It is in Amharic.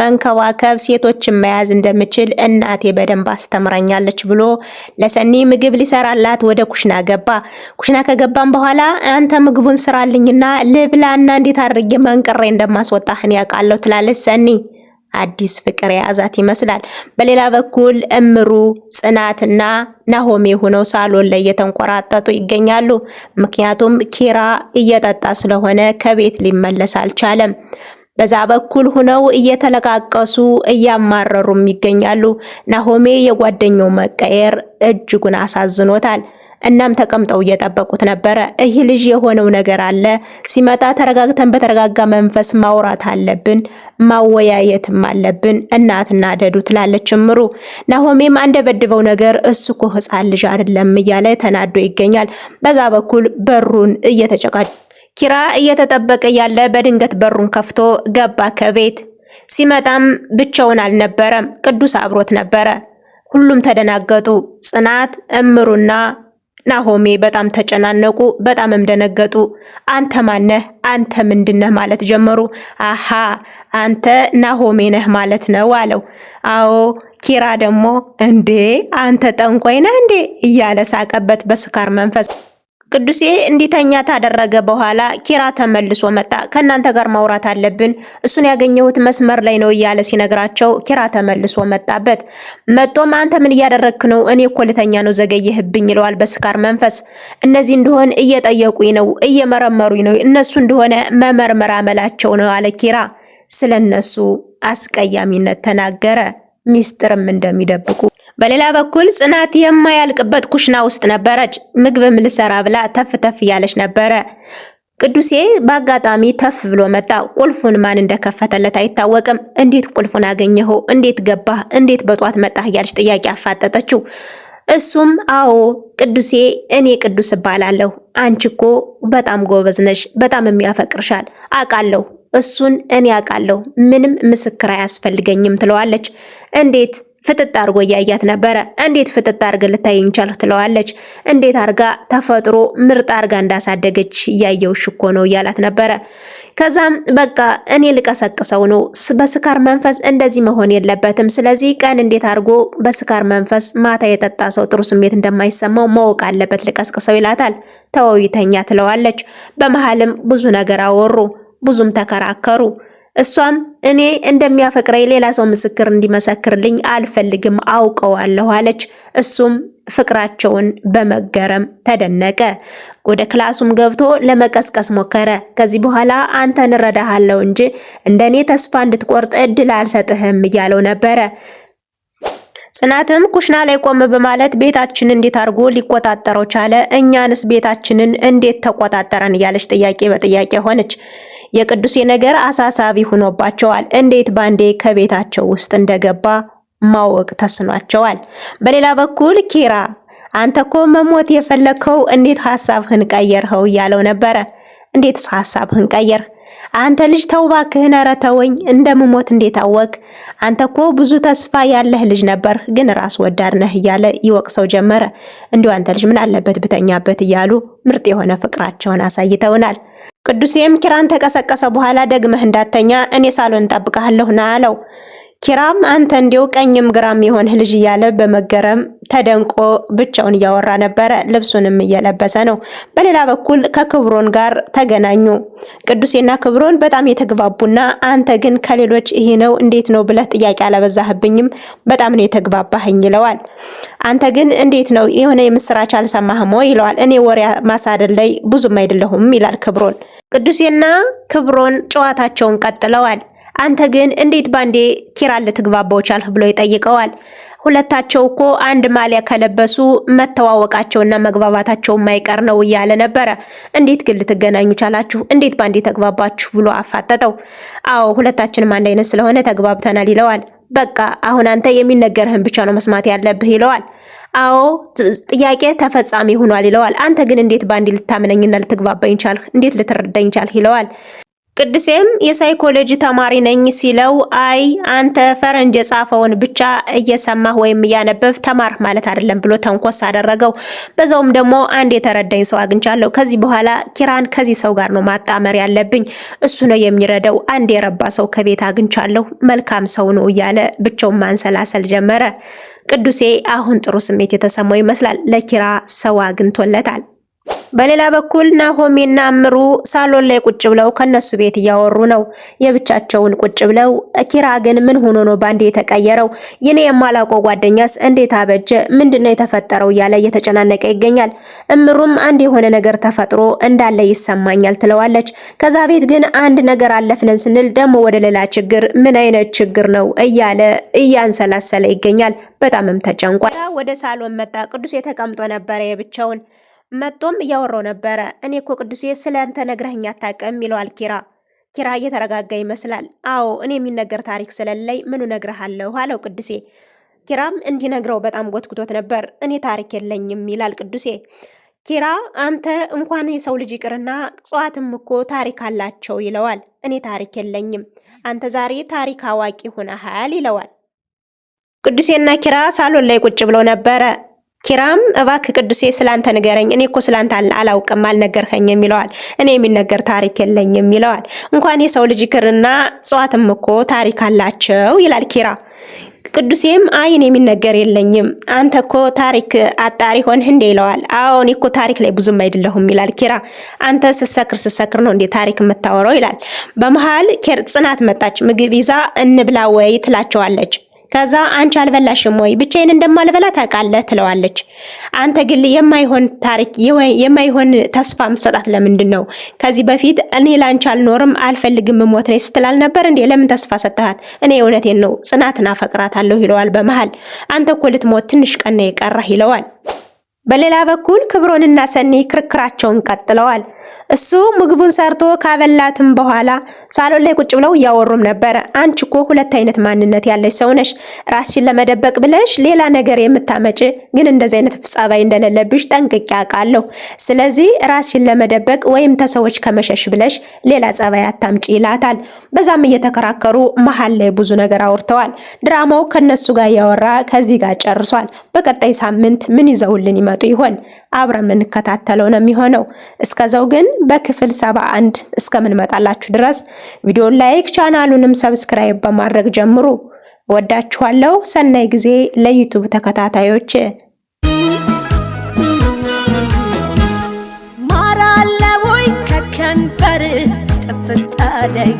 መንከባከብ፣ ሴቶችን መያዝ እንደምችል እናቴ በደንብ አስተምረኛለች ብሎ ለሰኒ ምግብ ሊሰራላት ወደ ኩሽና ገባ። ኩሽና ከገባም በኋላ አንተ ምግቡን ስራልኝና ልብላና እንዴት አድርጌ መንቅሬ እንደማስወጣህን ያውቃለሁ ትላለች ሰኒ። አዲስ ፍቅር የያዛት ይመስላል። በሌላ በኩል እምሩ ጽናትና ናሆሜ ሆነው ሳሎን ላይ እየተንቆራጠጡ ይገኛሉ። ምክንያቱም ኪራ እየጠጣ ስለሆነ ከቤት ሊመለስ አልቻለም። በዛ በኩል ሆነው እየተለቃቀሱ እያማረሩም ይገኛሉ። ናሆሜ የጓደኛው መቀየር እጅጉን አሳዝኖታል። እናም ተቀምጠው እየጠበቁት ነበረ። ይህ ልጅ የሆነው ነገር አለ፣ ሲመጣ ተረጋግተን በተረጋጋ መንፈስ ማውራት አለብን፣ ማወያየትም አለብን እናትና ደዱ ትላለች እምሩ። ናሆሜም አንደበድበው ነገር እሱ እኮ ሕፃን ልጅ አይደለም እያለ ተናዶ ይገኛል። በዛ በኩል በሩን እየተጨቃጨ ኪራ እየተጠበቀ ያለ በድንገት በሩን ከፍቶ ገባ ከቤት። ሲመጣም ብቻውን አልነበረም፣ ቅዱስ አብሮት ነበረ። ሁሉም ተደናገጡ። ጽናት፣ እምሩና ናሆሜ በጣም ተጨናነቁ፣ በጣምም ደነገጡ። አንተ ማነህ? አንተ ምንድነህ? ማለት ጀመሩ። አሃ አንተ ናሆሜ ነህ ማለት ነው አለው። አዎ። ኪራ ደግሞ እንዴ አንተ ጠንቋይ ነህ እንዴ? እያለ ሳቀበት በስካር መንፈስ። ቅዱሴ እንዲተኛ ታደረገ። በኋላ ኪራ ተመልሶ መጣ። ከእናንተ ጋር ማውራት አለብን፣ እሱን ያገኘሁት መስመር ላይ ነው እያለ ሲነግራቸው ኪራ ተመልሶ መጣበት። መጦም አንተ ምን እያደረግክ ነው? እኔ እኮ ልተኛ ነው ዘገየህብኝ ይለዋል በስካር መንፈስ። እነዚህ እንደሆን እየጠየቁኝ ነው፣ እየመረመሩኝ ነው። እነሱ እንደሆነ መመርመር አመላቸው ነው አለ ኪራ። ስለነሱ አስቀያሚነት ተናገረ፣ ሚስጥርም እንደሚደብቁ በሌላ በኩል ጽናት የማያልቅበት ኩሽና ውስጥ ነበረች። ምግብም ልሰራ ብላ ተፍ ተፍ እያለች ነበረ። ቅዱሴ በአጋጣሚ ተፍ ብሎ መጣ። ቁልፉን ማን እንደከፈተለት አይታወቅም። እንዴት ቁልፉን አገኘኸው? እንዴት ገባህ? እንዴት በጧት መጣህ? እያለች ጥያቄ አፋጠጠችው። እሱም አዎ ቅዱሴ፣ እኔ ቅዱስ እባላለሁ። አንቺ እኮ በጣም ጎበዝ ነሽ፣ በጣም የሚያፈቅርሻል አውቃለሁ። እሱን እኔ አውቃለሁ፣ ምንም ምስክር አያስፈልገኝም ትለዋለች። እንዴት ፍጥጥ አድርጎ እያያት ነበረ። እንዴት ፍጥጥ አድርገ ልታየኝ ቻልክ ትለዋለች። እንዴት አድርጋ ተፈጥሮ ምርጥ አድርጋ እንዳሳደገች እያየውሽ እኮ ነው እያላት ነበረ። ከዛም በቃ እኔ ልቀሰቅሰው ነው፣ በስካር መንፈስ እንደዚህ መሆን የለበትም። ስለዚህ ቀን እንዴት አድርጎ በስካር መንፈስ ማታ የጠጣ ሰው ጥሩ ስሜት እንደማይሰማው ማወቅ አለበት፣ ልቀስቅሰው ይላታል። ተወይተኛ ትለዋለች። በመሀልም ብዙ ነገር አወሩ፣ ብዙም ተከራከሩ። እሷም እኔ እንደሚያፈቅረኝ ሌላ ሰው ምስክር እንዲመሰክርልኝ አልፈልግም አውቀዋለሁ አለች። እሱም ፍቅራቸውን በመገረም ተደነቀ። ወደ ክላሱም ገብቶ ለመቀስቀስ ሞከረ። ከዚህ በኋላ አንተ እንረዳሃለው እንጂ እንደኔ ተስፋ እንድትቆርጥ እድል አልሰጥህም እያለው ነበረ። ጽናትም ኩሽና ላይ ቆም በማለት ቤታችንን እንዴት አድርጎ ሊቆጣጠረው ቻለ? እኛንስ ቤታችንን እንዴት ተቆጣጠረን? እያለች ጥያቄ በጥያቄ ሆነች። የቅዱሴ ነገር አሳሳቢ ሆኖባቸዋል። እንዴት ባንዴ ከቤታቸው ውስጥ እንደገባ ማወቅ ተስኗቸዋል። በሌላ በኩል ኪራ አንተ እኮ መሞት የፈለግከው እንዴት ሐሳብህን ቀየርኸው እያለው ነበረ። እንዴትስ ሐሳብህን ቀየር? አንተ ልጅ ተው እባክህን፣ ኧረ ተወኝ። እንደምሞት እንዴት አወቅ? አንተ እኮ ብዙ ተስፋ ያለህ ልጅ ነበር፣ ግን ራስ ወዳድ ነህ እያለ ይወቅሰው ጀመረ። እንዲሁ አንተ ልጅ ምን አለበት ብተኛበት እያሉ ምርጥ የሆነ ፍቅራቸውን አሳይተውናል። ቅዱሴም ኪራን ተቀሰቀሰ በኋላ ደግመህ እንዳተኛ እኔ ሳሎን ጠብቀሃለሁ ና አለው። ኪራም አንተ እንዲው ቀኝም ግራም የሆንህ ልጅ እያለ በመገረም ተደንቆ ብቻውን እያወራ ነበረ። ልብሱንም እየለበሰ ነው። በሌላ በኩል ከክብሮን ጋር ተገናኙ። ቅዱሴና ክብሮን በጣም የተግባቡና አንተ ግን ከሌሎች ይህ ነው እንዴት ነው ብለህ ጥያቄ አላበዛህብኝም፣ በጣም ነው የተግባባህኝ ይለዋል። አንተ ግን እንዴት ነው የሆነ የምስራች አልሰማህም ይለዋል። እኔ ወሬ ማሳደል ላይ ብዙም አይደለሁም ይላል ክብሮን ቅዱሴና ክብሮን ጨዋታቸውን ቀጥለዋል። አንተ ግን እንዴት ባንዴ ኪራን ልትግባባው ቻልህ? ብሎ ይጠይቀዋል። ሁለታቸው እኮ አንድ ማሊያ ከለበሱ መተዋወቃቸውና መግባባታቸው የማይቀር ነው እያለ ነበረ። እንዴት ግን ልትገናኙ ቻላችሁ? እንዴት ባንዴ ተግባባችሁ? ብሎ አፋጠጠው። አዎ ሁለታችንም አንድ አይነት ስለሆነ ተግባብተናል ይለዋል። በቃ አሁን አንተ የሚነገርህን ብቻ ነው መስማት ያለብህ ይለዋል። አዎ ጥያቄ ተፈጻሚ ሆኗል ይለዋል። አንተ ግን እንዴት በአንድ ልታምነኝና ልትግባባኝ ቻልህ? እንዴት ልትረዳኝ ቻልህ? ይለዋል። ቅድሴም የሳይኮሎጂ ተማሪ ነኝ ሲለው አይ አንተ ፈረንጅ የጻፈውን ብቻ እየሰማህ ወይም እያነበብ ተማር ማለት አይደለም ብሎ ተንኮስ አደረገው። በዛውም ደግሞ አንድ የተረዳኝ ሰው አግኝቻለሁ። ከዚህ በኋላ ኪራን ከዚህ ሰው ጋር ነው ማጣመር ያለብኝ፣ እሱ ነው የሚረዳው። አንድ የረባ ሰው ከቤት አግኝቻለሁ፣ መልካም ሰው ነው እያለ ብቻውን ማንሰላሰል ጀመረ። ቅዱሴ አሁን ጥሩ ስሜት የተሰማው ይመስላል። ለኪራ ሰው አግኝቶለታል። በሌላ በኩል ናሆሚና እምሩ ሳሎን ላይ ቁጭ ብለው ከነሱ ቤት እያወሩ ነው የብቻቸውን ቁጭ ብለው። ኪራ ግን ምን ሆኖ ነው ባንዴ የተቀየረው? የኔ የማላውቀው ጓደኛስ እንዴት አበጀ? ምንድነው የተፈጠረው? እያለ እየተጨናነቀ ይገኛል። እምሩም አንድ የሆነ ነገር ተፈጥሮ እንዳለ ይሰማኛል ትለዋለች። ከዛ ቤት ግን አንድ ነገር አለፍነን ስንል ደግሞ ወደ ሌላ ችግር፣ ምን አይነት ችግር ነው እያለ እያንሰላሰለ ይገኛል። በጣምም ተጨንቋል። ወደ ሳሎን መጣ። ቅዱስ የተቀምጦ ነበረ የብቻውን መጦም እያወራው ነበረ። እኔ እኮ ቅዱሴ ስለ አንተ ነግረኸኝ አታውቅም ይለዋል ኪራ። ኪራ እየተረጋጋ ይመስላል። አዎ እኔ የሚነገር ታሪክ ስለለይ ምኑ ነግረሃለሁ አለው ቅዱሴ። ኪራም እንዲነግረው በጣም ጎትጉቶት ነበር። እኔ ታሪክ የለኝም ይላል ቅዱሴ። ኪራ አንተ እንኳን የሰው ልጅ ይቅርና እጽዋትም እኮ ታሪክ አላቸው ይለዋል። እኔ ታሪክ የለኝም፣ አንተ ዛሬ ታሪክ አዋቂ ሆነሃል ይለዋል። ቅዱሴና ኪራ ሳሎን ላይ ቁጭ ብለው ነበረ። ኪራም እባክ ቅዱሴ ስላንተ ንገረኝ፣ እኔ እኮ ስላንተ አላውቅም አልነገርከኝም ይለዋል። እኔ የሚነገር ታሪክ የለኝም ይለዋል። እንኳን የሰው ልጅ ክርና እጽዋትም እኮ ታሪክ አላቸው ይላል ኪራ። ቅዱሴም አይን የሚነገር የለኝም አንተ እኮ ታሪክ አጣሪ ሆንህ እንዴ ይለዋል። አዎ እኔ እኮ ታሪክ ላይ ብዙም አይደለሁም ይላል ኪራ። አንተ ስሰክር ስሰክር ነው እንዴ ታሪክ የምታወራው ይላል። በመሃል ጽናት መጣች። ምግብ ይዛ እንብላ ወይ ትላቸዋለች። ከዛ አንቺ አልበላሽም ወይ ብቻዬን እንደማልበላ ታውቃለህ ትለዋለች። አንተ ግን የማይሆን ታሪክ የማይሆን ተስፋ መሰጣት ለምንድን ነው? ከዚህ በፊት እኔ ላንቺ አልኖርም አልፈልግም ሞት ነኝ ስትላል ነበር እንዴ? ለምን ተስፋ ሰጥሃት? እኔ እውነቴን ነው ጽናትን አፈቅራታለሁ ይለዋል። በመሃል አንተ እኮ ልትሞት ትንሽ ቀን ነው የቀረህ ይለዋል። በሌላ በኩል ክብሮንና ሰኒ ክርክራቸውን ቀጥለዋል። እሱ ምግቡን ሰርቶ ካበላትም በኋላ ሳሎን ላይ ቁጭ ብለው እያወሩም ነበረ። አንቺ እኮ ሁለት አይነት ማንነት ያለች ሰው ነሽ። ራስሽን ለመደበቅ ብለሽ ሌላ ነገር የምታመጭ ግን እንደዚህ አይነት ጸባይ እንደሌለብሽ ጠንቅቄ አውቃለሁ። ስለዚህ ራስሽን ለመደበቅ ወይም ተሰዎች ከመሸሽ ብለሽ ሌላ ጸባይ አታምጪ ይላታል። በዛም እየተከራከሩ መሀል ላይ ብዙ ነገር አውርተዋል። ድራማው ከነሱ ጋር እያወራ ከዚህ ጋር ጨርሷል። በቀጣይ ሳምንት ምን ይዘውልን ይመ ይመጡ ይሆን? አብረን የምንከታተለው ነው የሚሆነው። እስከዛው ግን በክፍል ሰባ አንድ እስከምንመጣላችሁ ድረስ ቪዲዮ ላይክ፣ ቻናሉንም ሰብስክራይብ በማድረግ ጀምሩ። ወዳችኋለሁ። ሰናይ ጊዜ ለዩቱብ ተከታታዮች ማራለቦይ ከከንበር ጥፍጣ ላይ